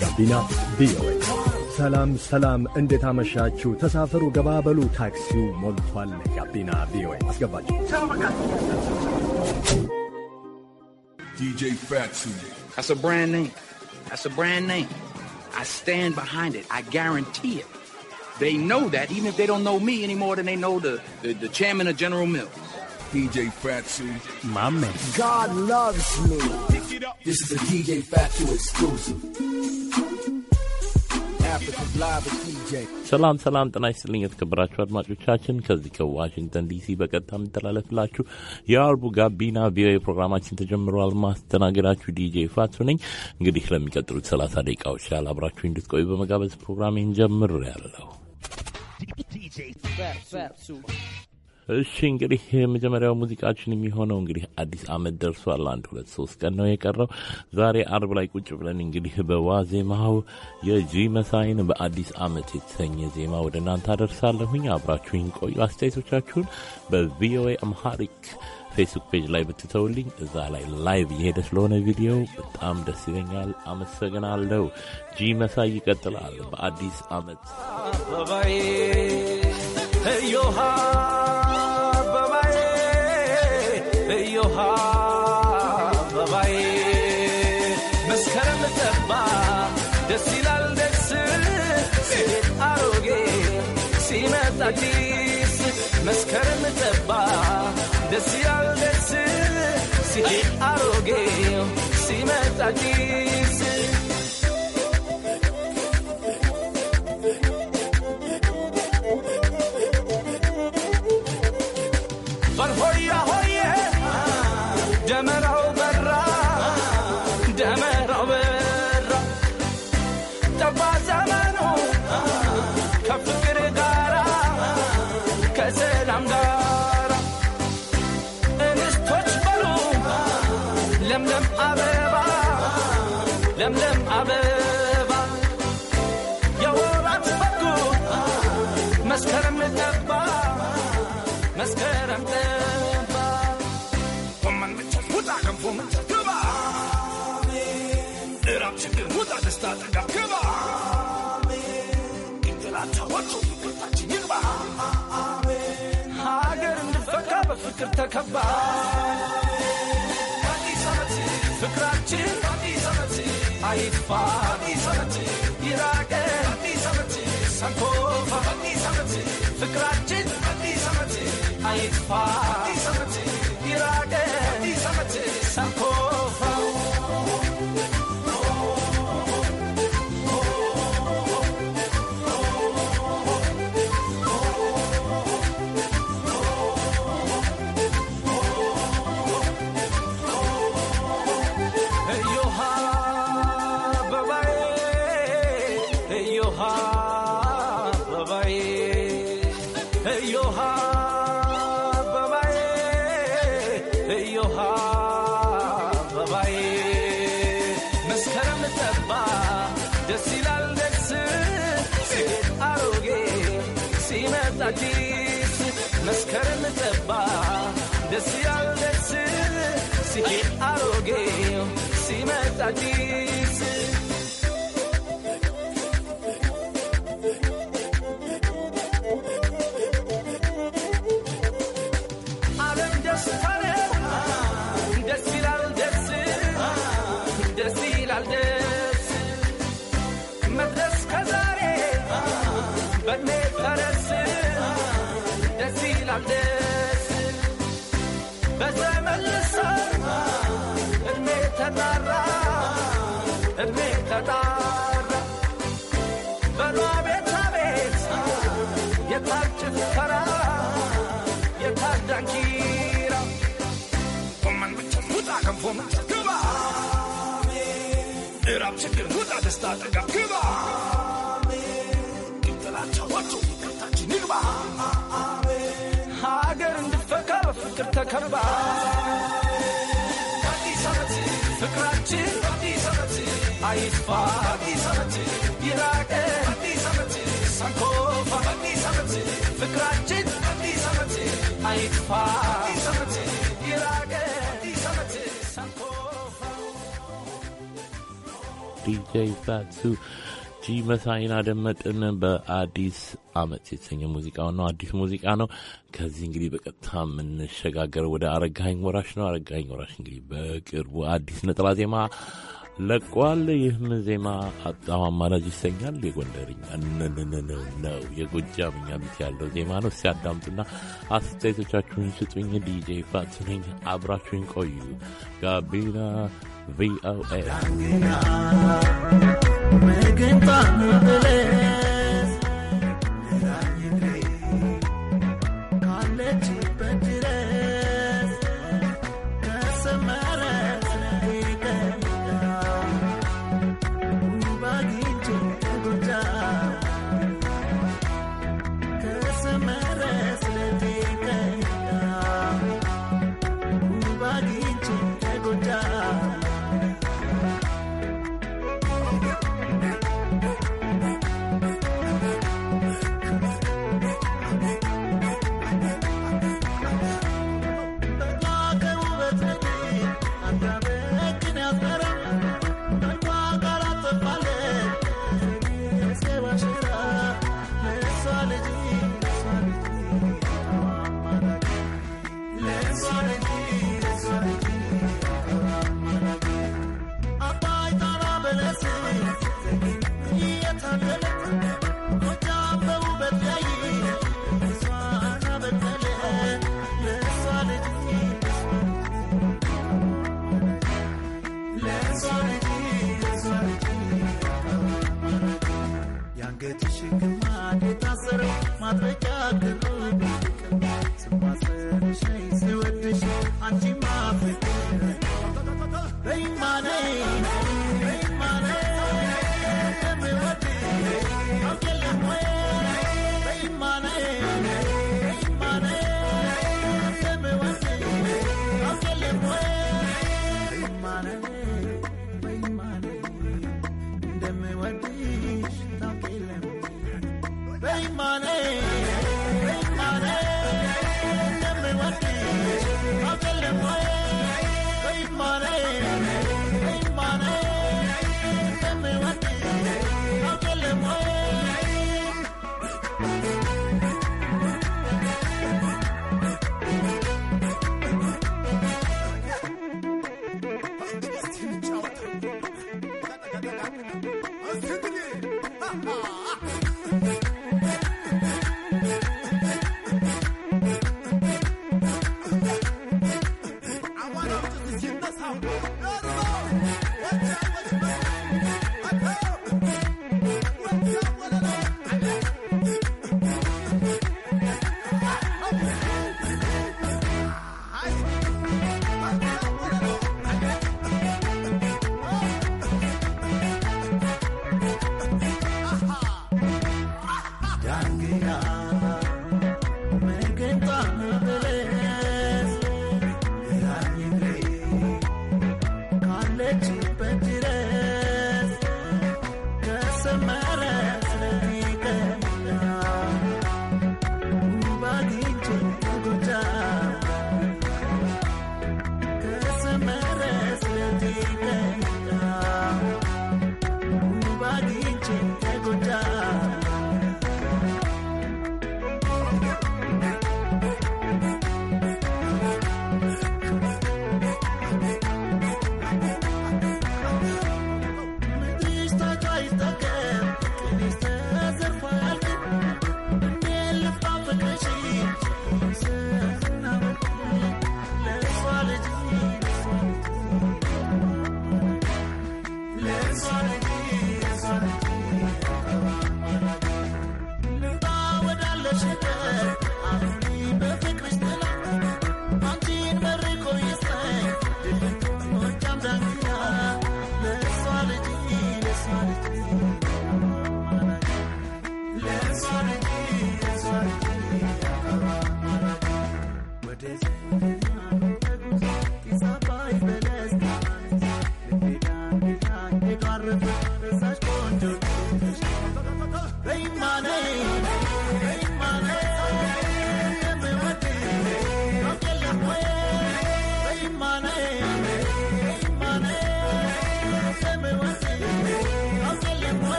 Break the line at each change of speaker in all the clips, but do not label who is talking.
ጋቢና ቪኦኤ ሰላም ሰላም፣ እንዴት አመሻችሁ? ተሳፈሩ፣ ገባበሉ፣ ታክሲው ሞልቷል። ጋቢና ቪኦኤ አስገባችሁ።
DJ Fatso. That's a brand name. That's a brand name. I stand behind it. I guarantee it. They know that even if they don't know me any more than they know the, the, the chairman of General Mills. DJ Fatsu. My man. God loves me. This is a DJ Fatsu exclusive.
ሰላም ሰላም፣ ጤና ይስጥልኝ የተከበራችሁ አድማጮቻችን ከዚህ ከዋሽንግተን ዲሲ በቀጥታ የሚተላለፍላችሁ የአርቡ ጋቢና ቪኦኤ ፕሮግራማችን ተጀምረዋል። ማስተናገዳችሁ ዲጄ ፋቱ ነኝ። እንግዲህ ለሚቀጥሉት ሰላሳ ደቂቃዎች ያህል አብራችሁ እንድትቆዩ በመጋበዝ ፕሮግራሜን ጀምር ያለው እሺ እንግዲህ የመጀመሪያው ሙዚቃችን የሚሆነው እንግዲህ አዲስ ዓመት ደርሷል። አንድ ሁለት ሶስት ቀን ነው የቀረው። ዛሬ አርብ ላይ ቁጭ ብለን እንግዲህ በዋዜማው የጂ መሳይን በአዲስ አመት የተሰኘ ዜማ ወደ እናንተ አደርሳለሁኝ። አብራችሁኝ ቆዩ። አስተያየቶቻችሁን በቪኦኤ አምሃሪክ ፌስቡክ ፔጅ ላይ ብትተውልኝ እዛ ላይ ላይቭ እየሄደ ስለሆነ ቪዲዮ በጣም ደስ ይለኛል። አመሰግናለሁ። ጂ መሳይ ይቀጥላል በአዲስ
ዮሃ መስከረም ጠባ ደስ ያል ደስ ሲል አሮጌው ሲመጣ ጊዜ ሀገር እንድፈካ በፍቅር ተከባ ፍቅራችን አይፋ ይራቀ ፍቅራችን አይክፋ ይራደ ሰምቶ ሲሄድ አሮጌው ሲመጣ አዲስ I'm dead. ተጣራ እድሜ ተጣራ በሏ ቤት አቤት የታር ጭፈራ የታር ዳንኪራ ጎመን ብቻ ሙጣ ገንፎና ግባ ምዕራብ ችግር ሙጣ ደስታ ጠጋ ግባ ይጥላቻ ወጡ ይቅርታችን ይግባ ሀገር እንድፈካ በፍቅር ተከርባ
DJ Batsu ጂ መሳይን አደመጥን። በአዲስ አመት የተሰኘ ሙዚቃ ነው፣ አዲስ ሙዚቃ ነው። ከዚህ እንግዲህ በቀጥታ የምንሸጋገረው ወደ አረጋኝ ወራሽ ነው። አረጋኝ ወራሽ እንግዲህ በቅርቡ አዲስ ነጠላ ዜማ ለቋል። ይህም ዜማ አጣም አማራጭ ይሰኛል። የጎንደርኛ ነው፣ የጎጃምኛ ቢት ያለው ዜማ ነው። ሲያዳምጡና አስተያየቶቻችሁን ስጡኝ። ዲጄ ፋቱ ነኝ፣ አብራችሁን ቆዩ። ጋቢና ቪኦኤ ምግብ ጣም ብለህ
Get the shake, my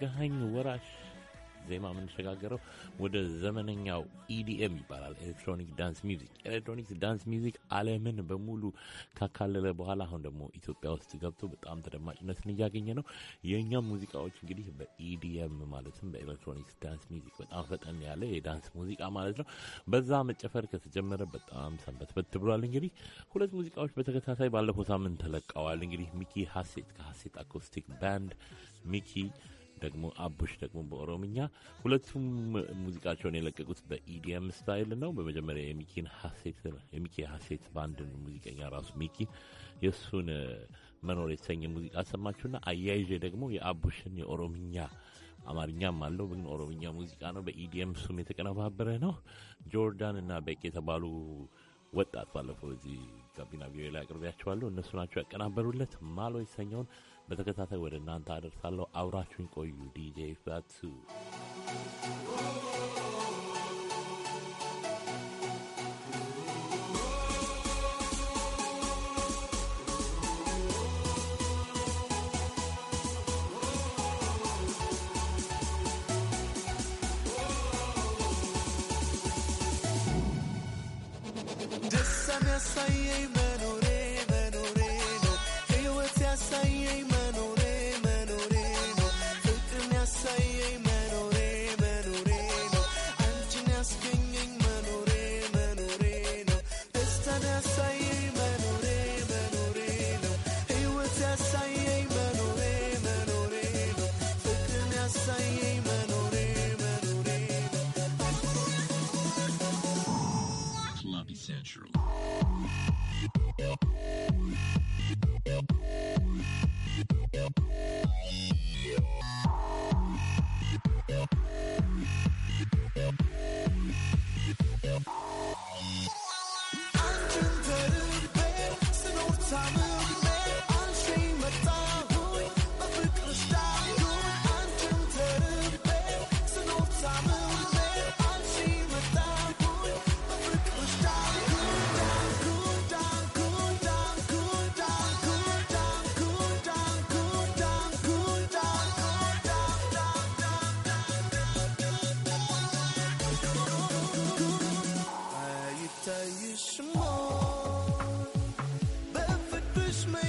ገሃኝ ወራሽ ዜማ የምንሸጋገረው ወደ ዘመነኛው ኢዲኤም e ይባላል። ኤሌክትሮኒክ ዳንስ ሚዚክ። ኤሌክትሮኒክ ዳንስ ሚውዚክ ዓለምን በሙሉ ካካለለ በኋላ አሁን ደግሞ ኢትዮጵያ ውስጥ ገብቶ በጣም ተደማጭነትን እያገኘ ነው። የእኛም ሙዚቃዎች እንግዲህ በኢዲኤም ማለትም በኤሌክትሮኒክስ ዳንስ ሚዚክ በጣም ፈጠን ያለ የዳንስ ሙዚቃ ማለት ነው። በዛ መጨፈር ከተጀመረ በጣም ሰንበትበት ብሏል። እንግዲህ ሁለት ሙዚቃዎች በተከታታይ ባለፈው ሳምንት ተለቀዋል። እንግዲህ ሚኪ ሀሴት ከሀሴት አኮስቲክ ባንድ ሚኪ ደግሞ አቡሽ ደግሞ በኦሮምኛ ሁለቱም ሙዚቃቸውን የለቀቁት በኢዲኤም ስታይል ነው። በመጀመሪያ የሚኪን ሀሴት የሚኪ ሀሴት ባንድን ሙዚቀኛ ራሱ ሚኪ የእሱን መኖር የተሰኘ ሙዚቃ ሰማችሁና አያይዤ ደግሞ የአቡሽን የኦሮምኛ አማርኛም አለው ግን ኦሮምኛ ሙዚቃ ነው። በኢዲኤም ሱም የተቀነባበረ ነው። ጆርዳን እና በቂ የተባሉ ወጣት ባለፈው እዚህ ጋቢና ቪኦኤ ላይ አቅርቢያቸዋለሁ። እነሱ ናቸው ያቀናበሩለት ማሎ የተሰኘውን በተከታታይ ወደ እናንተ አደርሳለሁ። አብራችሁን ቆዩ። ዲጄ ፋቱ
the same. me.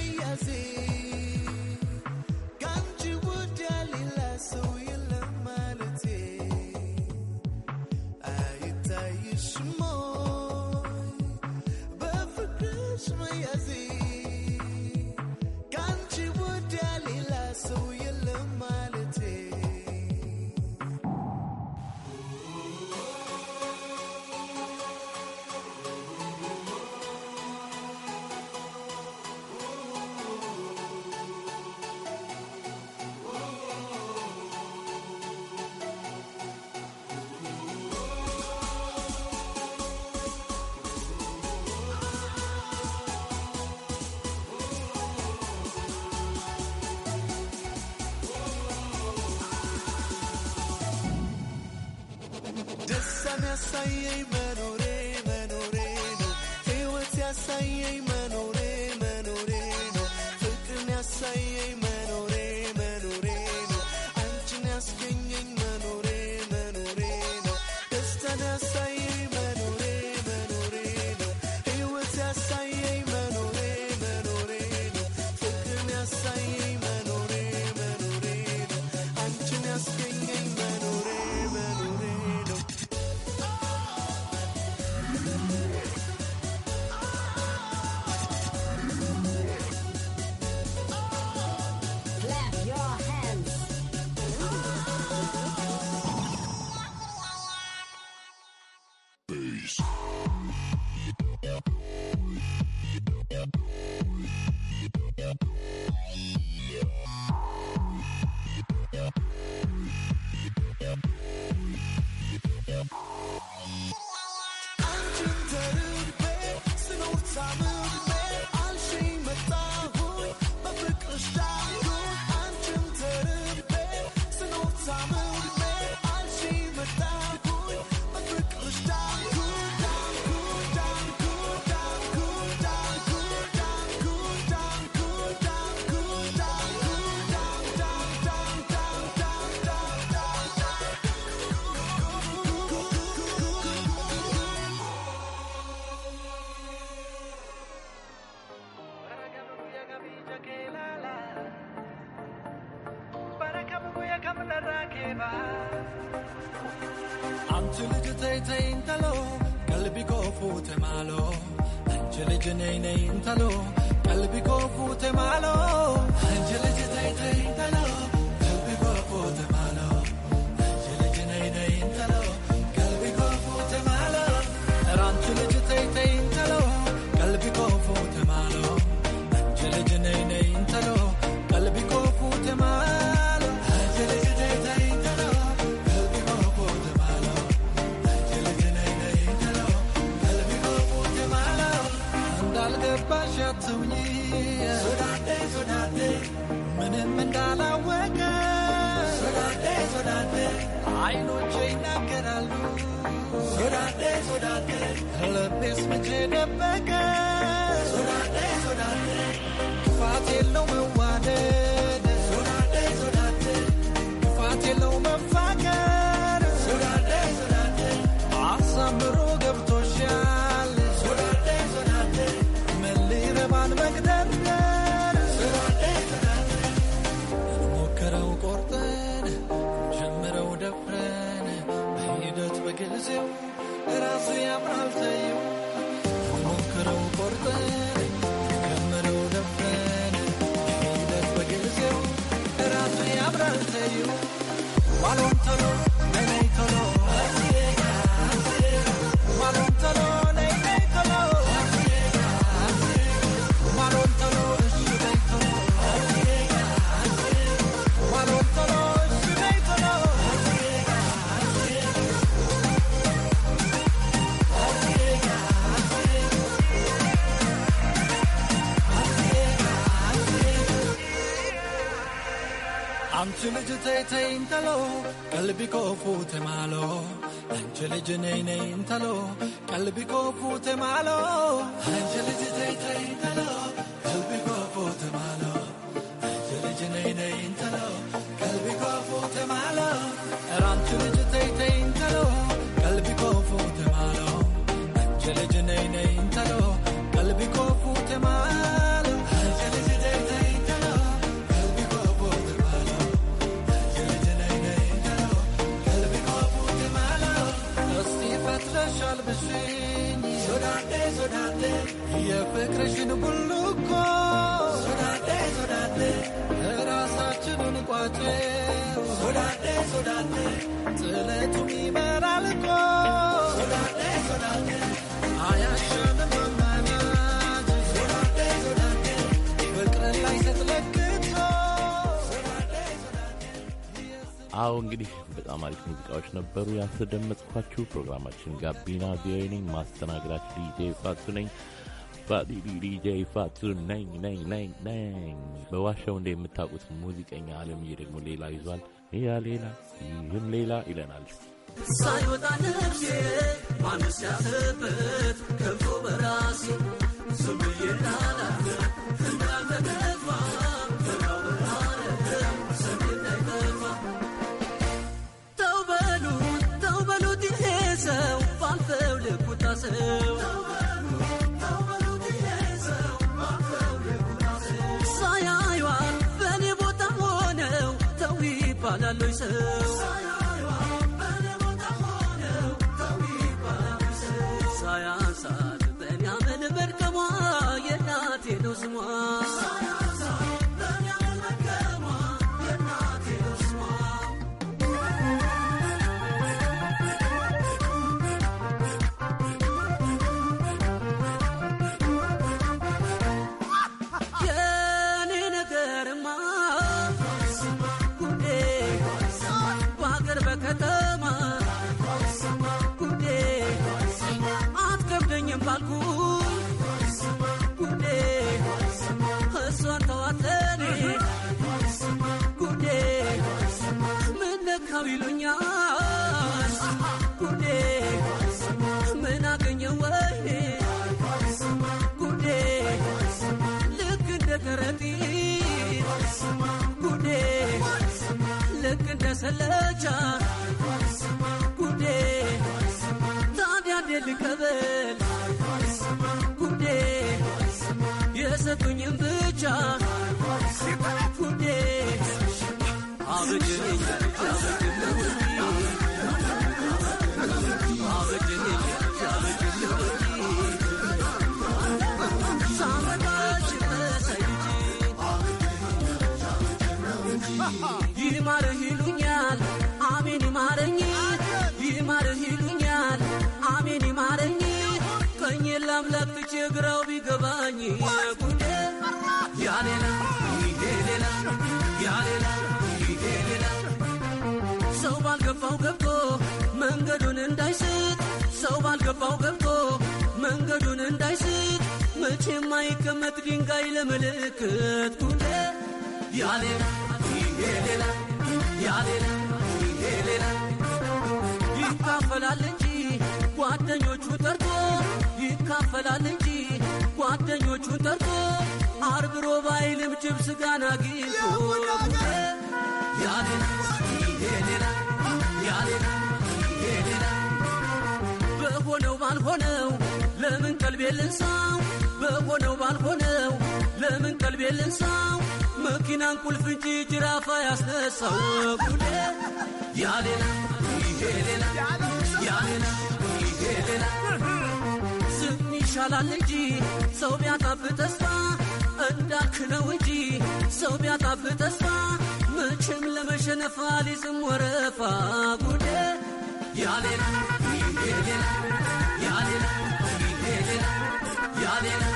ህይወት መኖሬ መኖሬ ነው። ህይወት ያሳየኝ መኖሬ መኖሬ ነው። ፍቅር ያሳየኝ
ሰውኝ ምንም እንዳላወቀ አይኖቼ ይናገራሉ ልቤስ መቼ ደበቀ ክፋት የለው መወ fuute maaloo anche lije neenee intaloo qalbi koo malo, maaloo anche lije teetee intaloo. የፍቅርሽን ሁሉ እኮ ራሳችንን ጥለቱን ይበራል እኮ ሶዳዴ
አዎ እንግዲህ በጣም አሪፍ ሙዚቃዎች ነበሩ ያስደመጥኳችሁ። ፕሮግራማችን ጋቢና ቪኦኤ ነኝ። ማስተናግዳችሁ ዲጄ ፋቱ ነኝ። በዋሻው እንደ የምታውቁት ሙዚቀኛ አለምዬ ደግሞ ሌላ ይዟል። ያ ሌላ ይህም ሌላ ይለናል።
ሳይወጣ ነፍሴ ማነስ ከብቶ በራሴ ዝም ብዬ ያለች ሰው ሳያንሳት በሚያምን በርቀሟ የእናቴ ነው ስሟ ሰው ባልገባው ገብቶ መንገዱን እንዳይስት ሰው ባልገባው ገብቶ መንገዱን እንዳይስት መቼ የማይቀመጥ ድንጋይ ለመልእክት ጉድ ይካፈላል እንጂ ጓደኞቹ ጠርቶ ይካፈላል ጠርቶ አርብ ሮብ አይልም ጭብስ ጋና ጊቱ ያሌላ በሆነው ባልሆነው ለምን ቀልቤ ልንሳው በሆነው ባልሆነው ለምን ቀልቤ ልንሳው መኪናን ቁልፍ እንጂ ጅራፋ ያስነሳው ጉዴ ያሌላ ይሄ ሌላ ያሌላ ይሄ ሌላ ይሻላል እንጂ ሰው ቢያጣፍ ተስፋ እንዳክነው እንጂ ሰው ቢያጣፍ ተስፋ መቼም ለመሸነፍ ሊዝም ወረፋ ጉዴ ያሌላ ያሌላ ያሌላ ያሌላ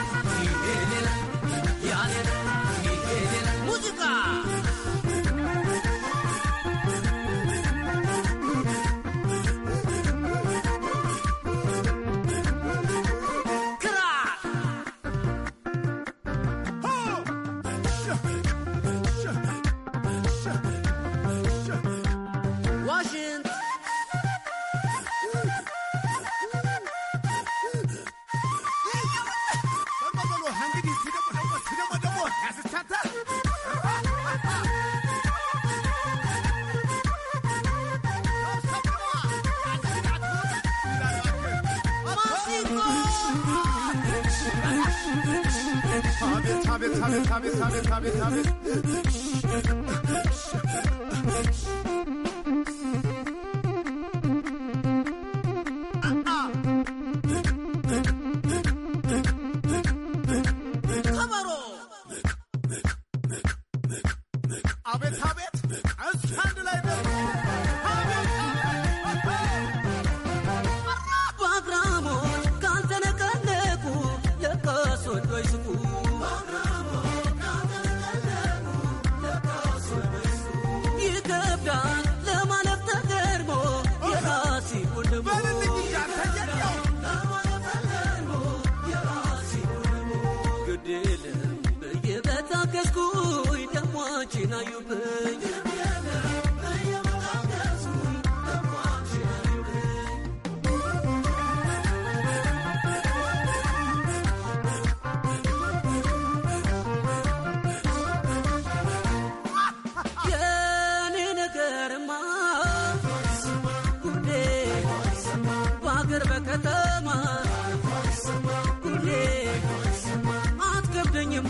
አቤት አቤት አቤት አቤት አቤት አቤት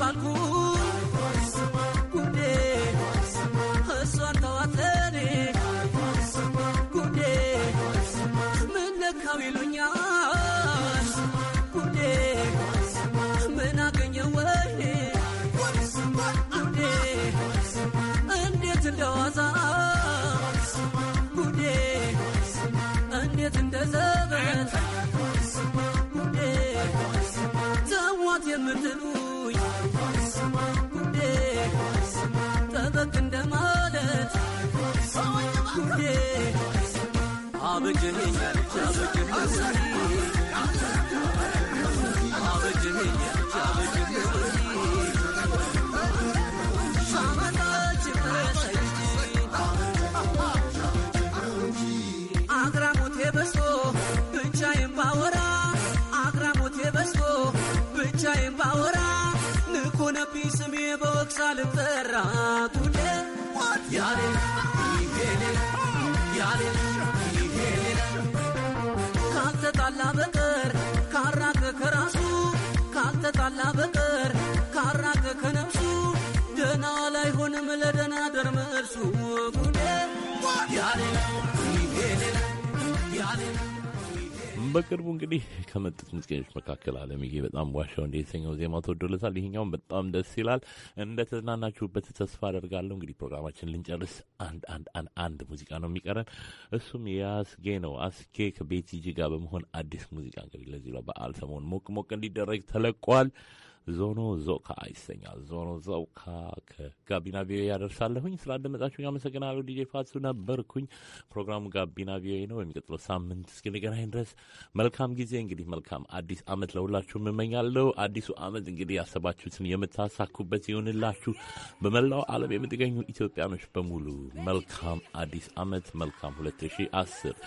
algún ጉዳይ ባወራ ንቁ ነቢ ስሜ በወቅሳ ልጠራ ቱደ ያሌ ካልተጣላ በቀር ካራቀ ከራሱ ካልተጣላ በቀር ካራቀ ከነፍሱ ደና ላይሆንም ለደና ደርመ ያሌ
ያሌ
በቅርቡ እንግዲህ ከመጡት ሙዚቀኞች መካከል አለምዬ በጣም ዋሻው እንደ የተሰኘው ዜማ ተወዶለታል። ይሄኛውም በጣም ደስ ይላል። እንደተዝናናችሁበት ተስፋ አደርጋለሁ። እንግዲህ ፕሮግራማችን ልንጨርስ አንድ አንድ አንድ አንድ ሙዚቃ ነው የሚቀረን እሱም የአስጌ ነው። አስጌ ከቤቲጂ ጋር በመሆን አዲስ ሙዚቃ እንግዲህ ለዚህ በዓል ሰሞን ሞቅ ሞቅ እንዲደረግ ተለቋል። ዞኖ ዞካ ይሰኛል። ዞኖ ዞካ ከጋቢና ቪኦኤ ያደርሳለሁኝ። ስላደመጣችሁኝ አመሰግናለሁ። ዲጄ ፋሱ ነበርኩኝ። ፕሮግራሙ ጋቢና ቪኦኤ ነው። የሚቀጥለው ሳምንት እስክንገናኝ ድረስ መልካም ጊዜ። እንግዲህ መልካም አዲስ አመት ለሁላችሁ እመኛለሁ። አዲሱ አመት እንግዲህ ያሰባችሁትን የምታሳኩበት ይሆንላችሁ። በመላው ዓለም የምትገኙ ኢትዮጵያኖች በሙሉ መልካም አዲስ አመት መልካም 2010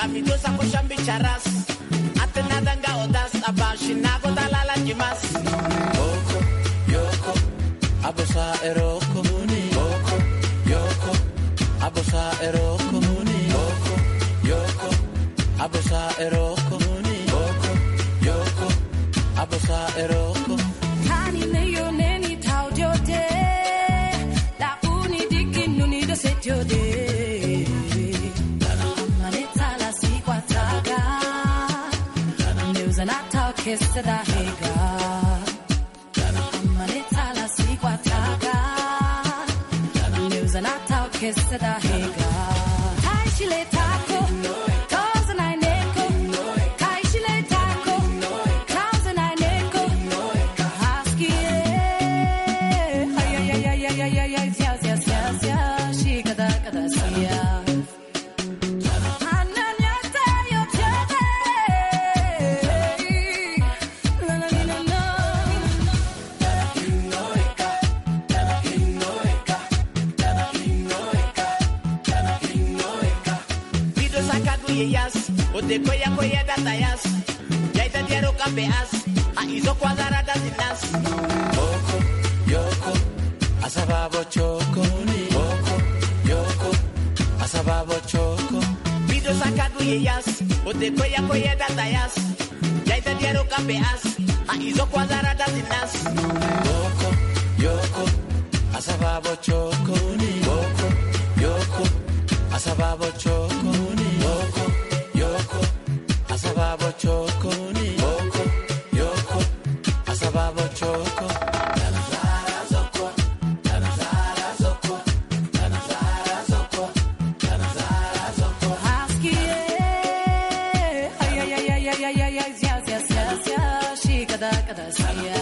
Kamito sa ko siyang bitsaras At tinatangga otas Aba sinago talalang kimas Oko, yoko Abo sa yoko Abo sa yoko Abo
Kiss that I hate.
yas ya yako yedata A yaitatiero kape as de A Ojo, yoko asababo choko ojo, yoko asababo a bido Ya tayas, ya ya yedata yas a kape as de las. Ojo, yoko asababo choko ojo, yoko asababo choco Asababo Boko, yoko Asababo choco Tanazara zoko
zoko zoko